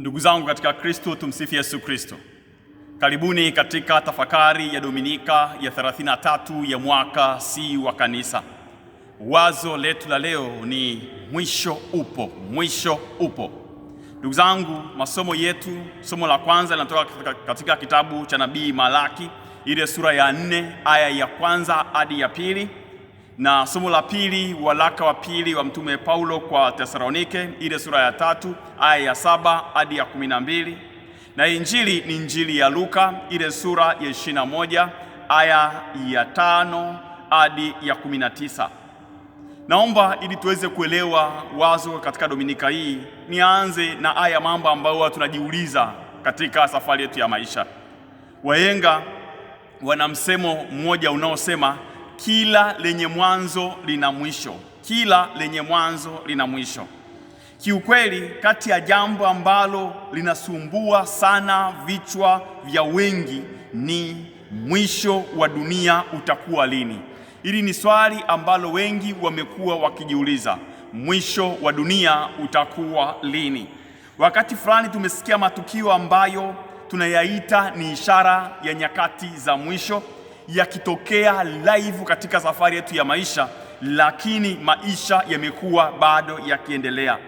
Ndugu zangu katika Kristo, tumsifu Yesu Kristo. Karibuni katika tafakari ya Dominika ya 33 ya mwaka C wa Kanisa. Wazo letu la leo ni mwisho upo, mwisho upo. Ndugu zangu, masomo yetu, somo la kwanza linatoka katika kitabu cha nabii Malaki ile sura ya nne aya ya kwanza hadi ya pili na somo la pili, walaka wa pili wa Mtume Paulo kwa Tesalonike, ile sura ya tatu aya ya saba hadi ya kumi na mbili na injili ni injili ya Luka ile sura ya ishirini na moja aya ya tano hadi ya kumi na tisa. Naomba ili tuweze kuelewa wazo katika dominika hii, nianze na aya mambo ambayo tunajiuliza katika safari yetu ya maisha. Wahenga wana msemo mmoja unaosema kila lenye mwanzo lina mwisho, kila lenye mwanzo lina mwisho. Kiukweli, kati ya jambo ambalo linasumbua sana vichwa vya wengi ni mwisho wa dunia utakuwa lini. Hili ni swali ambalo wengi wamekuwa wakijiuliza, mwisho wa dunia utakuwa lini? Wakati fulani tumesikia matukio ambayo tunayaita ni ishara ya nyakati za mwisho yakitokea live katika safari yetu ya maisha, lakini maisha yamekuwa bado yakiendelea.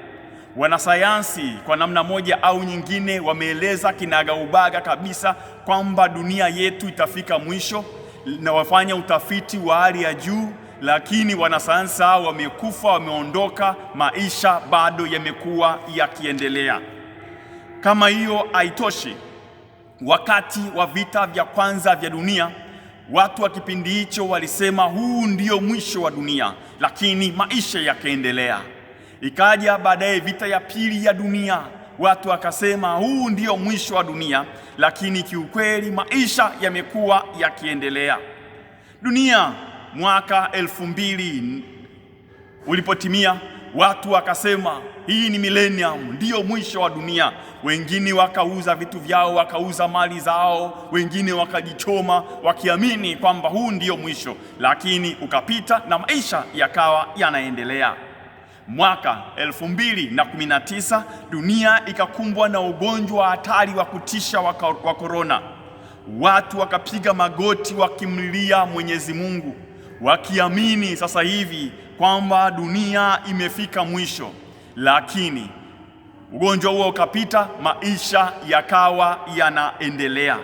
Wanasayansi kwa namna moja au nyingine wameeleza kinagaubaga kabisa kwamba dunia yetu itafika mwisho, na wafanya utafiti wa hali ya juu, lakini wanasayansi hao wamekufa, wameondoka, maisha bado yamekuwa yakiendelea. Kama hiyo haitoshi, wakati wa vita vya kwanza vya dunia Watu wa kipindi hicho walisema huu ndio mwisho wa dunia, lakini maisha yakaendelea. Ikaja baadaye vita ya pili ya dunia, watu wakasema huu ndio mwisho wa dunia, lakini kiukweli maisha yamekuwa yakiendelea. Dunia mwaka elfu mbili ulipotimia Watu wakasema hii ni millennium, ndiyo mwisho wa dunia. Wengine wakauza vitu vyao, wakauza mali zao, wengine wakajichoma, wakiamini kwamba huu ndiyo mwisho, lakini ukapita na maisha yakawa yanaendelea. Mwaka 2019 dunia ikakumbwa na ugonjwa wa hatari wa kutisha wa korona. Watu wakapiga magoti wakimlilia Mwenyezi Mungu wakiamini sasa hivi kwamba dunia imefika mwisho, lakini ugonjwa huo ukapita, maisha yakawa yanaendelea.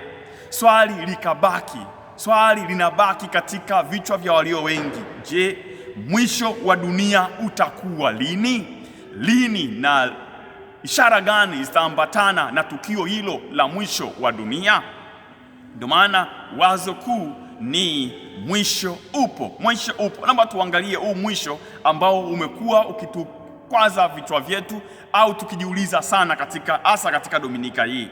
Swali likabaki, swali linabaki katika vichwa vya walio wengi: je, mwisho wa dunia utakuwa lini? Lini na ishara gani zitaambatana na tukio hilo la mwisho wa dunia? Ndio maana wazo kuu ni mwisho upo, mwisho upo. Naomba tuangalie huu mwisho ambao umekuwa ukitukwaza vichwa vyetu au tukijiuliza sana katika hasa katika Dominika hii.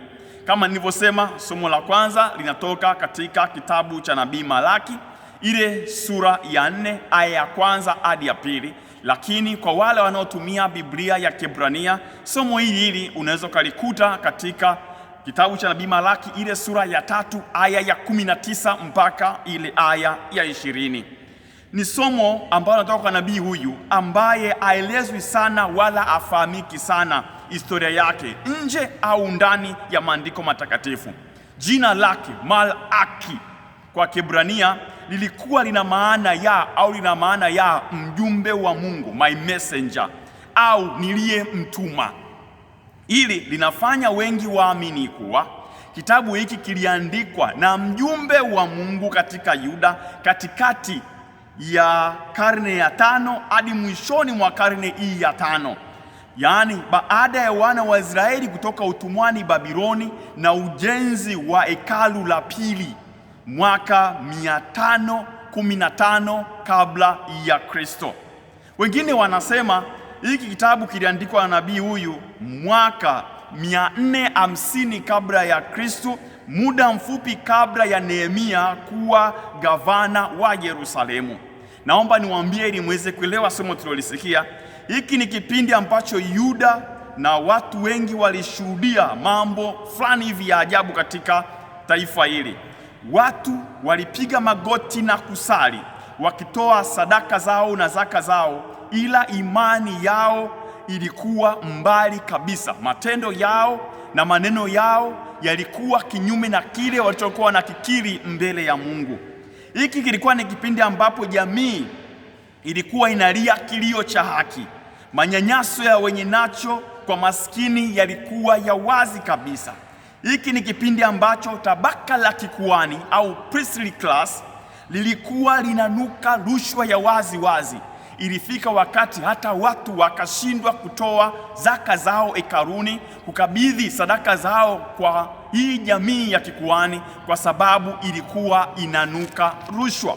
Kama nilivyosema, somo la kwanza linatoka katika kitabu cha nabii Malaki ile sura ya nne aya ya kwanza hadi ya pili, lakini kwa wale wanaotumia Biblia ya Kiebrania somo hili hili unaweza ukalikuta katika kitabu cha nabii Malaki ile sura ya tatu aya ya kumi na tisa mpaka ile aya ya ishirini. Ni somo ambalo natoka kwa nabii huyu ambaye aelezwi sana wala afahamiki sana historia yake nje au ndani ya maandiko matakatifu. Jina lake Malaki kwa Kiebrania lilikuwa lina maana ya au lina maana ya mjumbe wa Mungu, my messenger, au niliye mtuma Hili linafanya wengi waamini kuwa kitabu hiki kiliandikwa na mjumbe wa Mungu katika Yuda katikati ya karne ya tano hadi mwishoni mwa karne hii ya tano, yaani baada ya wana wa Israeli kutoka utumwani Babiloni na ujenzi wa hekalu la pili mwaka 515 kabla ya Kristo. Wengine wanasema hiki kitabu kiliandikwa na nabii huyu mwaka 450 kabla ya Kristu, muda mfupi kabla ya Nehemia kuwa gavana wa Yerusalemu. Naomba niwaambie ili mweze kuelewa somo tulilosikia. Hiki ni kipindi ambacho Yuda na watu wengi walishuhudia mambo fulani hivi ya ajabu katika taifa hili. Watu walipiga magoti na kusali wakitoa sadaka zao na zaka zao ila imani yao ilikuwa mbali kabisa. Matendo yao na maneno yao yalikuwa kinyume na kile walichokuwa wanakikiri mbele ya Mungu. Hiki kilikuwa ni kipindi ambapo jamii ilikuwa inalia kilio cha haki. Manyanyaso ya wenye nacho kwa maskini yalikuwa ya wazi kabisa. Hiki ni kipindi ambacho tabaka la kikuani au priestly class lilikuwa linanuka rushwa ya wazi wazi. Ilifika wakati hata watu wakashindwa kutoa zaka zao ekaruni kukabidhi sadaka zao kwa hii jamii ya kikuani, kwa sababu ilikuwa inanuka rushwa.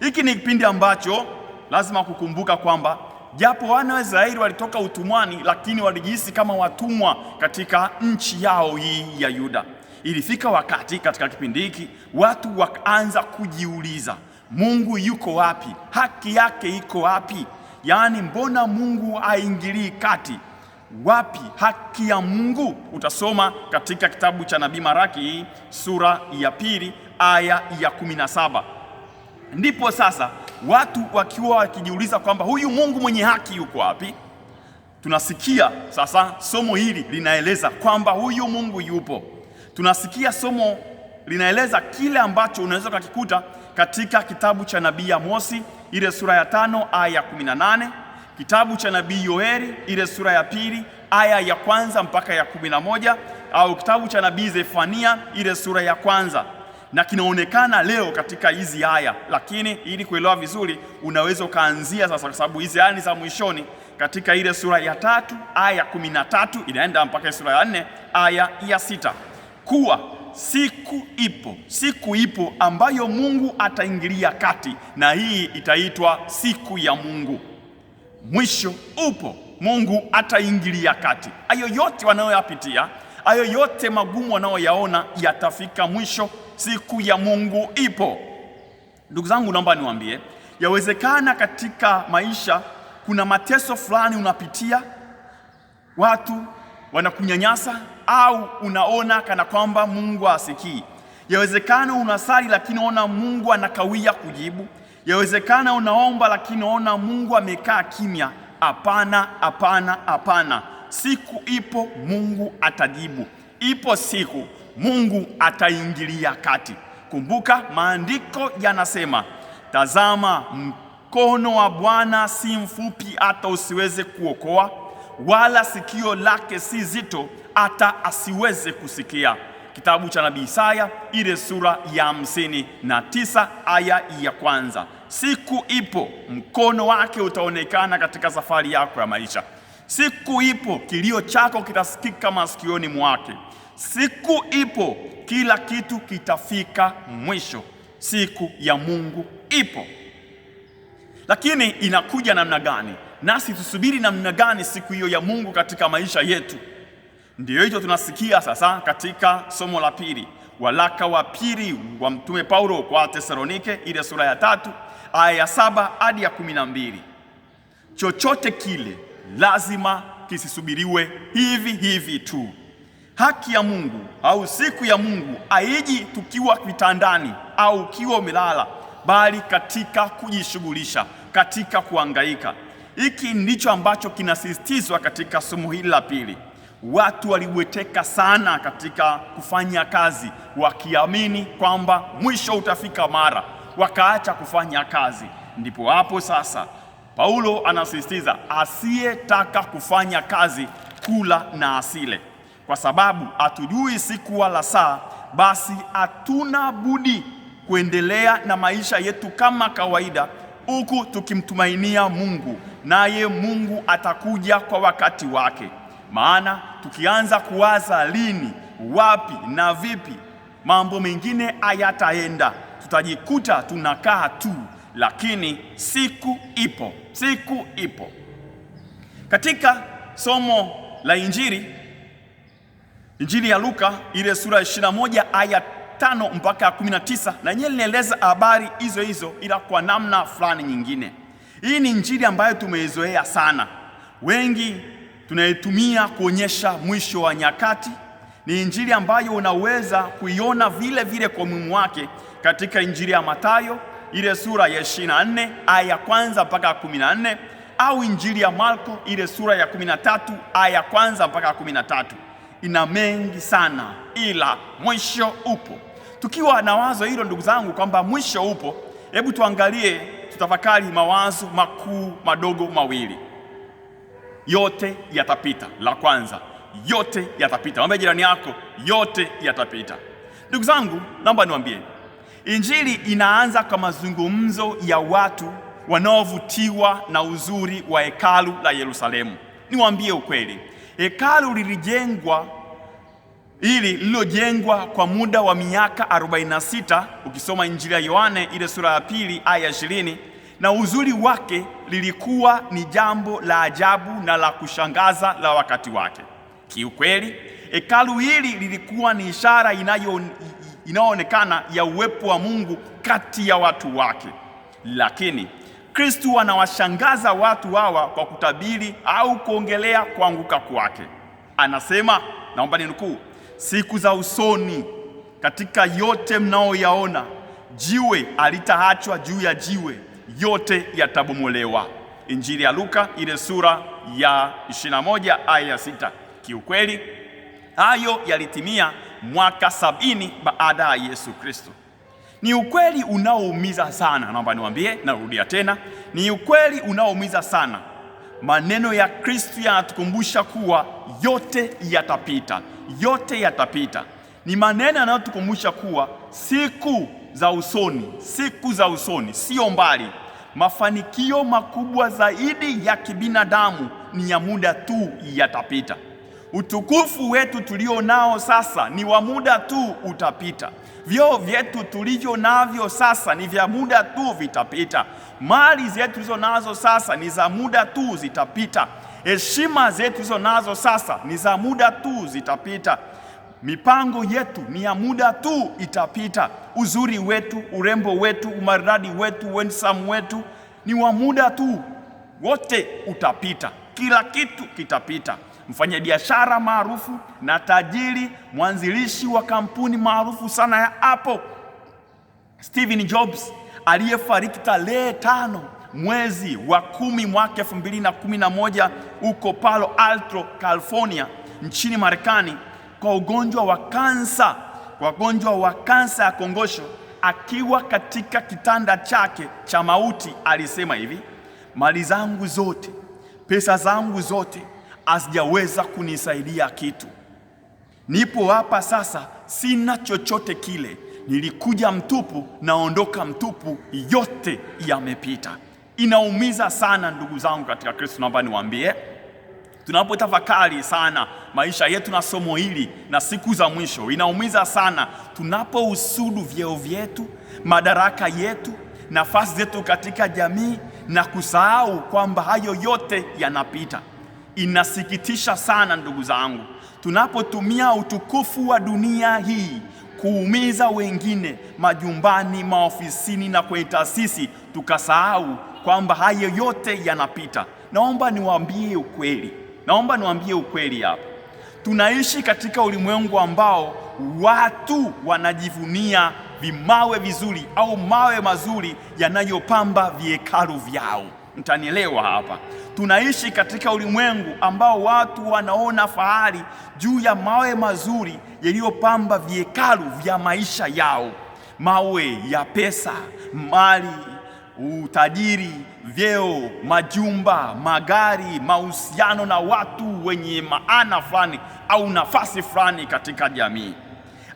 Hiki ni kipindi ambacho lazima kukumbuka kwamba japo wana wa Israeli walitoka utumwani, lakini walijihisi kama watumwa katika nchi yao hii ya Yuda. Ilifika wakati katika kipindi hiki watu wakaanza kujiuliza Mungu yuko wapi? Haki yake iko wapi? Yaani, mbona Mungu aingilii kati? Wapi haki ya Mungu? Utasoma katika kitabu cha nabii Maraki sura ya pili aya ya saba Ndipo sasa watu wakiwa wakijiuliza kwamba huyu Mungu mwenye haki yuko wapi, tunasikia sasa somo hili linaeleza kwamba huyu Mungu yupo. Tunasikia somo linaeleza kile ambacho unaweza ukakikuta katika kitabu cha nabii Amosi ile sura ya tano aya ya 18, kitabu cha nabii Yoeli ile sura ya pili aya ya kwanza mpaka ya 11, au kitabu cha nabii Zefania ile sura ya kwanza na kinaonekana leo katika hizi aya, lakini ili kuelewa vizuri unaweza ukaanzia sasa, kwa sababu hizi aya ni za mwishoni katika ile sura ya tatu aya kumi na tatu inaenda mpaka sura ya nne aya ya sita kuwa siku ipo, siku ipo ambayo Mungu ataingilia kati, na hii itaitwa siku ya Mungu. Mwisho upo, Mungu ataingilia kati. Hayo yote wanayoyapitia, hayo yote magumu wanayoyaona, yatafika mwisho. Siku ya Mungu ipo. Ndugu zangu, naomba niwaambie, yawezekana katika maisha kuna mateso fulani unapitia, watu wanakunyanyasa au unaona kana kwamba Mungu asikii. Yawezekana unasali lakini unaona Mungu anakawia kujibu. Yawezekana unaomba lakini unaona Mungu amekaa kimya. Hapana, hapana, hapana. Siku ipo Mungu atajibu. Ipo siku Mungu ataingilia kati. Kumbuka maandiko yanasema, tazama mkono wa Bwana si mfupi hata usiweze kuokoa wala sikio lake si zito hata asiweze kusikia. Kitabu cha nabii Isaya ile sura ya hamsini na tisa aya ya kwanza. Siku ipo, mkono wake utaonekana katika safari yako ya maisha. Siku ipo, kilio chako kitasikika masikioni mwake. Siku ipo, kila kitu kitafika mwisho. Siku ya Mungu ipo, lakini inakuja namna gani? nasi tusubiri namna gani siku hiyo ya Mungu katika maisha yetu. Ndiyo hicho tunasikia sasa katika somo la pili, walaka wa pili wa Mtume Paulo kwa Tesalonike, ile sura ya tatu aya ya saba hadi ya kumi na mbili. Chochote kile lazima kisisubiriwe hivi hivi tu. Haki ya Mungu au siku ya Mungu haiji tukiwa vitandani au ukiwa umelala, bali katika kujishughulisha, katika kuangaika hiki ndicho ambacho kinasisitizwa katika somo hili la pili. Watu waliweteka sana katika kufanya kazi, wakiamini kwamba mwisho utafika mara, wakaacha kufanya kazi. Ndipo hapo sasa Paulo anasisitiza asiyetaka kufanya kazi kula na asile, kwa sababu hatujui siku wala saa, basi hatuna budi kuendelea na maisha yetu kama kawaida, huku tukimtumainia Mungu naye Mungu atakuja kwa wakati wake. Maana tukianza kuwaza lini, wapi na vipi, mambo mengine hayataenda, tutajikuta tunakaa tu. Lakini siku ipo, siku ipo. Katika somo la Injili, Injili ya Luka ile sura ya 21 aya tano mpaka 19, na yenyewe linaeleza habari hizo hizo, ila kwa namna fulani nyingine. Hii ni injili ambayo tumeizoea sana, wengi tunaitumia kuonyesha mwisho wa nyakati. Ni injili ambayo unaweza kuiona vile vile kwa mwimu wake katika injili ya Mathayo ile sura ya 24 aya ya kwanza mpaka 14 au injili ya Marko ile sura ya 13 aya ya kwanza mpaka 13. Ina mengi sana, ila mwisho upo. Tukiwa na wazo hilo, ndugu zangu, kwamba mwisho upo Hebu tuangalie, tutafakari mawazo makuu madogo mawili. Yote yatapita. La kwanza, yote yatapita. Mwambie jirani yako, yote yatapita. Ndugu zangu, naomba niwaambie, injili inaanza kwa mazungumzo ya watu wanaovutiwa na uzuri wa hekalu la Yerusalemu. Niwaambie ukweli, hekalu lilijengwa hili lililojengwa kwa muda wa miaka 46 ukisoma Injili ya Yohane ile sura ya pili aya 20, na uzuri wake lilikuwa ni jambo la ajabu na la kushangaza la wakati wake. Kiukweli, hekalu hili lilikuwa ni ishara inayoonekana ya uwepo wa Mungu kati ya watu wake, lakini Kristu anawashangaza watu hawa kwa kutabiri au kuongelea kuanguka kwake. Anasema, naomba ninukuu siku za usoni, katika yote mnaoyaona, jiwe alitaachwa juu ya jiwe, yote yatabomolewa. Injili ya Luka ile sura ya 21 aya ya 6. Kiukweli hayo yalitimia mwaka sabini baada ya Yesu Kristo. Ni ukweli unaoumiza sana, naomba niwaambie, narudia tena, ni ukweli unaoumiza sana. Maneno ya Kristo yanatukumbusha kuwa yote yatapita yote yatapita. Ni maneno yanayotukumbusha kuwa siku za usoni, siku za usoni sio mbali. Mafanikio makubwa zaidi ya kibinadamu ni ya muda tu, yatapita. Utukufu wetu tulio nao sasa ni wa muda tu, utapita. vyoo vyetu tulivyo navyo sasa ni vya muda tu, vitapita. Mali zetu tulizo nazo sasa ni za muda tu, zitapita. Heshima zetu hizo nazo sasa ni za muda tu, zitapita. Mipango yetu ni ya muda tu, itapita. Uzuri wetu, urembo wetu, umaridadi wetu, wensam wetu ni wa muda tu, wote utapita, kila kitu kitapita. mfanya biashara maarufu na tajiri, mwanzilishi wa kampuni maarufu sana ya Apple, Steve Jobs aliyefariki tarehe tano mwezi wa kumi mwaka moja huko Palo Alto, California nchini Marekani kwa ugonjwa wa kansa, wagonjwa wa kansa ya kongosho. Akiwa katika kitanda chake cha mauti alisema hivi, mali zangu zote, pesa zangu zote hazijaweza kunisaidia kitu. Nipo hapa sasa, sina chochote kile. Nilikuja mtupu, naondoka mtupu, yote yamepita. Inaumiza sana ndugu zangu katika Kristo, naomba niwaambie, tunapotafakari sana maisha yetu na somo hili na siku za mwisho, inaumiza sana tunapousudu vyeo vyetu, madaraka yetu, nafasi zetu katika jamii na kusahau kwamba hayo yote yanapita. Inasikitisha sana ndugu zangu tunapotumia utukufu wa dunia hii kuumiza wengine majumbani, maofisini na kwenye taasisi, tukasahau kwamba hayo yote yanapita. Naomba niwaambie ukweli, naomba niwaambie ukweli hapa. Tunaishi katika ulimwengu ambao watu wanajivunia vimawe vizuri au mawe mazuri yanayopamba vihekalu vyao. Mtanielewa hapa. Tunaishi katika ulimwengu ambao watu wanaona fahari juu ya mawe mazuri yaliyopamba vihekalu vya maisha yao, mawe ya pesa, mali utajiri, vyeo, majumba, magari, mahusiano na watu wenye maana fulani au nafasi fulani katika jamii.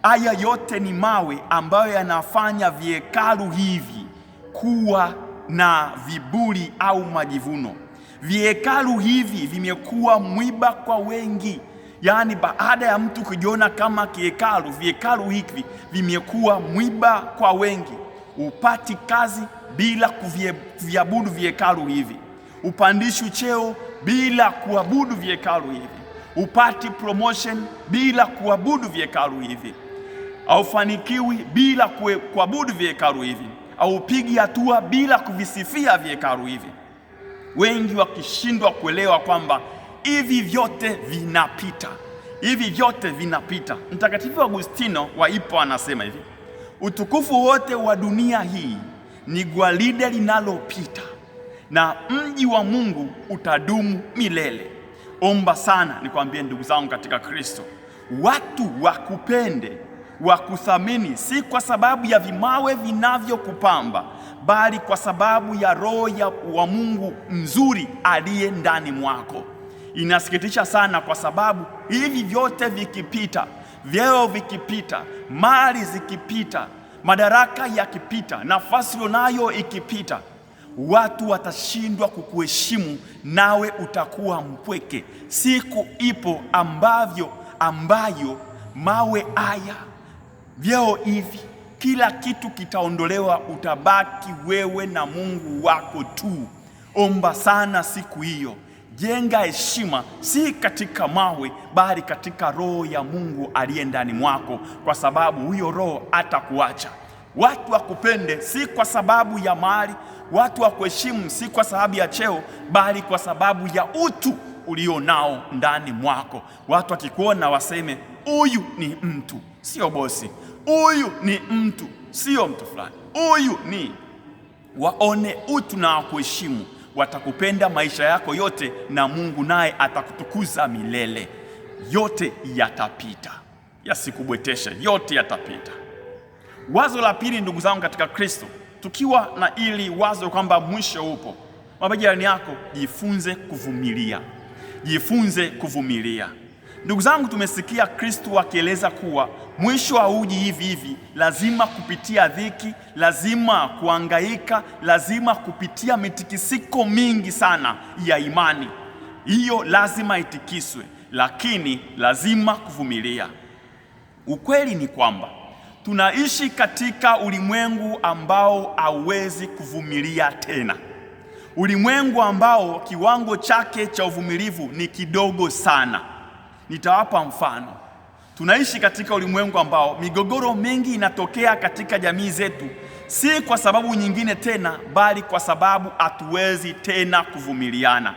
Haya yote ni mawe ambayo yanafanya vihekalu hivi kuwa na viburi au majivuno. Vihekalu hivi vimekuwa mwiba kwa wengi, yaani baada ya mtu kujiona kama kihekalu, vihekalu hivi vimekuwa mwiba kwa wengi. Upati kazi bila kuviabudu vihekalu hivi, upandishwi cheo bila kuabudu vihekalu hivi, upati promotion bila kuabudu vihekalu hivi, aufanikiwi bila kuabudu vihekalu hivi, aupigi hatua bila kuvisifia vihekalu hivi. Wengi wakishindwa kuelewa kwamba hivi vyote vinapita, hivi vyote vinapita. Mtakatifu Agustino wa Hippo anasema hivi, utukufu wote wa dunia hii ni gwaride linalopita na mji wa Mungu utadumu milele. Omba sana nikwambie, ndugu zangu katika Kristo, watu wakupende, wakuthamini, si kwa sababu ya vimawe vinavyokupamba, bali kwa sababu ya roho ya wa Mungu mzuri aliye ndani mwako. Inasikitisha sana kwa sababu hivi vyote vikipita, vyeo vikipita, mali zikipita madaraka yakipita, nafasi unayo ikipita, watu watashindwa kukuheshimu, nawe utakuwa mpweke. Siku ipo ambavyo ambayo mawe haya, vyeo hivi, kila kitu kitaondolewa, utabaki wewe na Mungu wako tu. Omba sana siku hiyo jenga heshima si katika mawe, bali katika roho ya Mungu aliye ndani mwako, kwa sababu huyo roho atakuacha. Watu wakupende si kwa sababu ya mali, watu wakuheshimu si kwa sababu ya cheo, bali kwa sababu ya utu ulio nao ndani mwako. Watu wakikuona waseme, huyu ni mtu, sio bosi, huyu ni mtu, sio mtu fulani, huyu ni waone utu na wakuheshimu watakupenda maisha yako yote, na Mungu naye atakutukuza milele. Yote yatapita, yasikubweteshe, yote yatapita. Wazo la pili, ndugu zangu katika Kristo, tukiwa na ili wazo kwamba mwisho upo, mwambie jirani yako, jifunze kuvumilia, jifunze kuvumilia. Ndugu zangu, tumesikia Kristo akieleza kuwa Mwisho hauji hivi hivi, lazima kupitia dhiki, lazima kuangaika, lazima kupitia mitikisiko mingi sana ya imani. Hiyo lazima itikiswe, lakini lazima kuvumilia. Ukweli ni kwamba tunaishi katika ulimwengu ambao hauwezi kuvumilia tena, ulimwengu ambao kiwango chake cha uvumilivu ni kidogo sana. Nitawapa mfano. Tunaishi katika ulimwengu ambao migogoro mengi inatokea katika jamii zetu, si kwa sababu nyingine tena, bali kwa sababu hatuwezi tena kuvumiliana,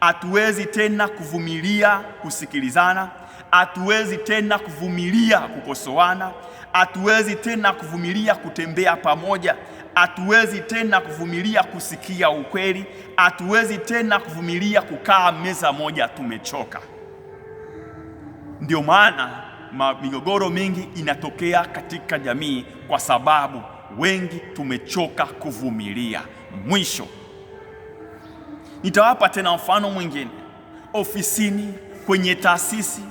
hatuwezi tena kuvumilia kusikilizana, hatuwezi tena kuvumilia kukosoana, hatuwezi tena kuvumilia kutembea pamoja, hatuwezi tena kuvumilia kusikia ukweli, hatuwezi tena kuvumilia kukaa meza moja. Tumechoka. Ndio maana migogoro mingi inatokea katika jamii kwa sababu wengi tumechoka kuvumilia. Mwisho, nitawapa tena mfano mwingine. Ofisini, kwenye taasisi,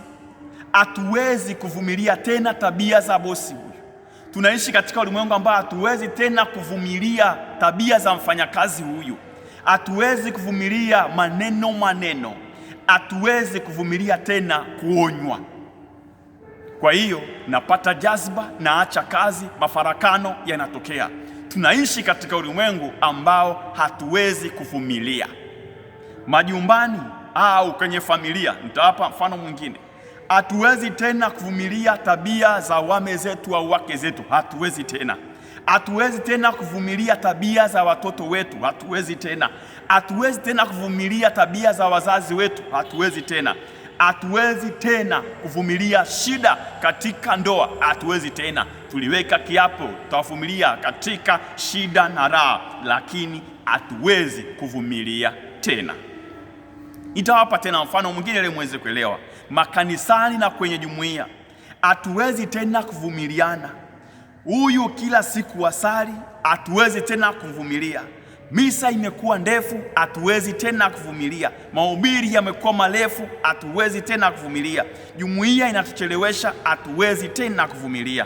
hatuwezi kuvumilia tena tabia za bosi huyu. Tunaishi katika ulimwengu ambao hatuwezi tena kuvumilia tabia za mfanyakazi huyu. Hatuwezi kuvumilia maneno maneno, hatuwezi kuvumilia tena kuonywa. Kwa hiyo napata jazba, naacha kazi, mafarakano yanatokea. Tunaishi katika ulimwengu ambao hatuwezi kuvumilia. Majumbani au kwenye familia, nitawapa mfano mwingine. Hatuwezi tena kuvumilia tabia za wame zetu au wake zetu, hatuwezi tena hatuwezi tena kuvumilia tabia za watoto wetu, hatuwezi tena. Hatuwezi tena kuvumilia tabia za wazazi wetu, hatuwezi tena hatuwezi tena kuvumilia shida katika ndoa, hatuwezi tena. Tuliweka kiapo tutawavumilia katika shida na raha, lakini hatuwezi kuvumilia tena. Nitawapa tena mfano mwingine ili muweze kuelewa. Makanisani na kwenye jumuiya hatuwezi tena kuvumiliana. Huyu kila siku wasali, hatuwezi tena kuvumilia Misa imekuwa ndefu, hatuwezi tena kuvumilia. Mahubiri yamekuwa marefu, hatuwezi tena kuvumilia. Jumuiya inatuchelewesha, hatuwezi tena kuvumilia.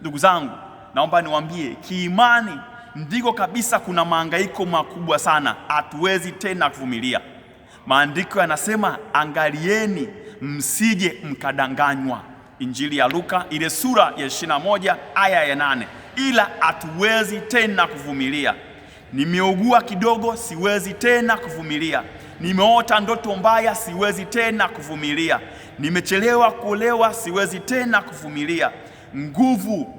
Ndugu zangu, naomba niwaambie kiimani ndiko kabisa kuna mahangaiko makubwa sana, hatuwezi tena kuvumilia. Maandiko yanasema angalieni, msije mkadanganywa, Injili ya Luka ile sura ya 21 aya ya 8. Ila hatuwezi tena kuvumilia. Nimeugua kidogo, siwezi tena kuvumilia. Nimeota ndoto mbaya, siwezi tena kuvumilia. Nimechelewa kuolewa, siwezi tena kuvumilia. Nguvu,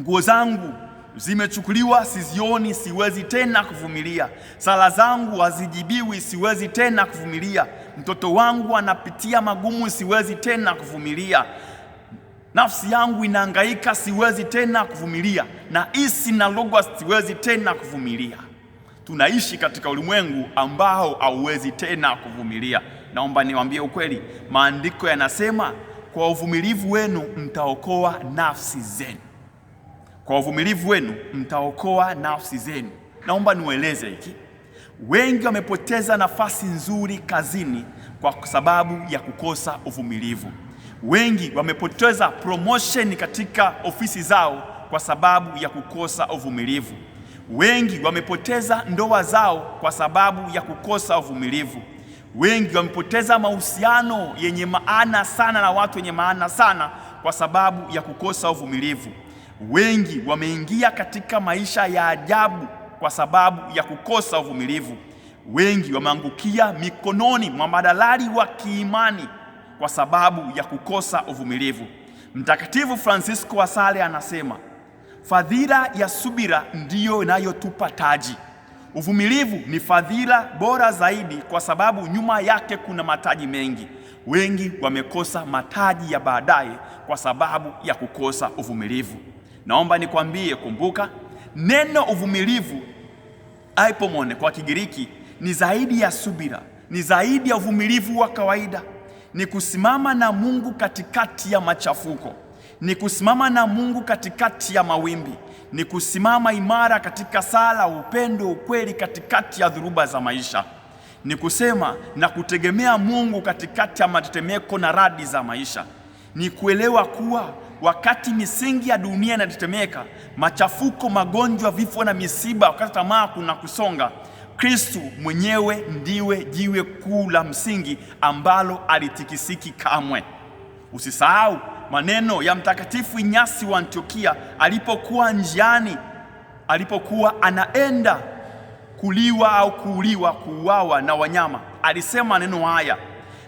nguo zangu zimechukuliwa, sizioni, siwezi tena kuvumilia. Sala zangu hazijibiwi, siwezi tena kuvumilia. Mtoto wangu anapitia magumu, siwezi tena kuvumilia. Nafsi yangu inahangaika, siwezi tena kuvumilia, na isi na logwa, siwezi tena kuvumilia. Tunaishi katika ulimwengu ambao hauwezi tena kuvumilia. Naomba niwaambie ukweli, maandiko yanasema kwa uvumilivu wenu mtaokoa nafsi zenu, kwa uvumilivu wenu mtaokoa nafsi zenu. Naomba niweleze hiki, wengi wamepoteza nafasi nzuri kazini kwa sababu ya kukosa uvumilivu wengi wamepoteza promotion katika ofisi zao kwa sababu ya kukosa uvumilivu. Wengi wamepoteza ndoa zao kwa sababu ya kukosa uvumilivu. Wengi wamepoteza mahusiano yenye maana sana na watu wenye maana sana kwa sababu ya kukosa uvumilivu. Wengi wameingia katika maisha ya ajabu kwa sababu ya kukosa uvumilivu. Wengi wameangukia mikononi mwa madalali wa kiimani kwa sababu ya kukosa uvumilivu. Mtakatifu Francisco wa Sale anasema fadhila ya subira ndiyo inayotupa taji. Uvumilivu ni fadhila bora zaidi, kwa sababu nyuma yake kuna mataji mengi. Wengi wamekosa mataji ya baadaye kwa sababu ya kukosa uvumilivu. Naomba nikwambie, kumbuka neno uvumilivu, aipomone kwa Kigiriki, ni zaidi ya subira, ni zaidi ya uvumilivu wa kawaida ni kusimama na Mungu katikati ya machafuko, ni kusimama na Mungu katikati ya mawimbi, ni kusimama imara katika sala, upendo, ukweli katikati ya dhuruba za maisha, ni kusema na kutegemea Mungu katikati ya matetemeko na radi za maisha, ni kuelewa kuwa wakati misingi ya dunia inatetemeka, machafuko, magonjwa, vifo na misiba, wakati tamaa kuna kusonga Kristu mwenyewe ndiwe jiwe kuu la msingi ambalo alitikisiki kamwe. Usisahau maneno ya Mtakatifu Inyasi wa Antiokia alipokuwa njiani, alipokuwa anaenda kuliwa au kuuliwa, kuuawa na wanyama, alisema maneno haya: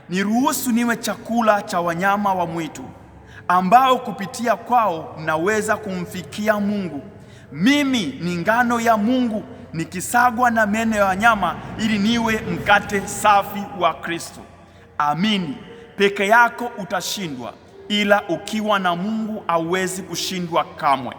niruhusu niwe chakula cha wanyama wa mwitu ambao kupitia kwao naweza kumfikia Mungu. Mimi ni ngano ya Mungu nikisagwa na meno ya wanyama ili niwe mkate safi wa Kristo. Amini, peke yako utashindwa, ila ukiwa na Mungu hauwezi kushindwa kamwe.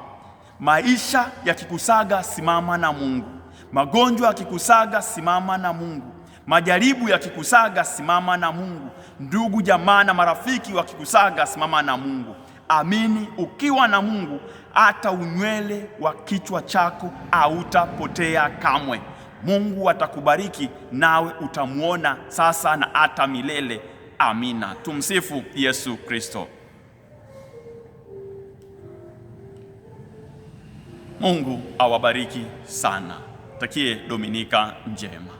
Maisha yakikusaga, simama na Mungu. Magonjwa yakikusaga, simama na Mungu. Majaribu yakikusaga, simama na Mungu. Ndugu, jamaa na marafiki wakikusaga, simama na Mungu. Amini, ukiwa na Mungu hata unywele wa kichwa chako hautapotea kamwe. Mungu atakubariki nawe utamwona sasa na hata milele. Amina. Tumsifu Yesu Kristo. Mungu awabariki sana. Takie Dominika njema.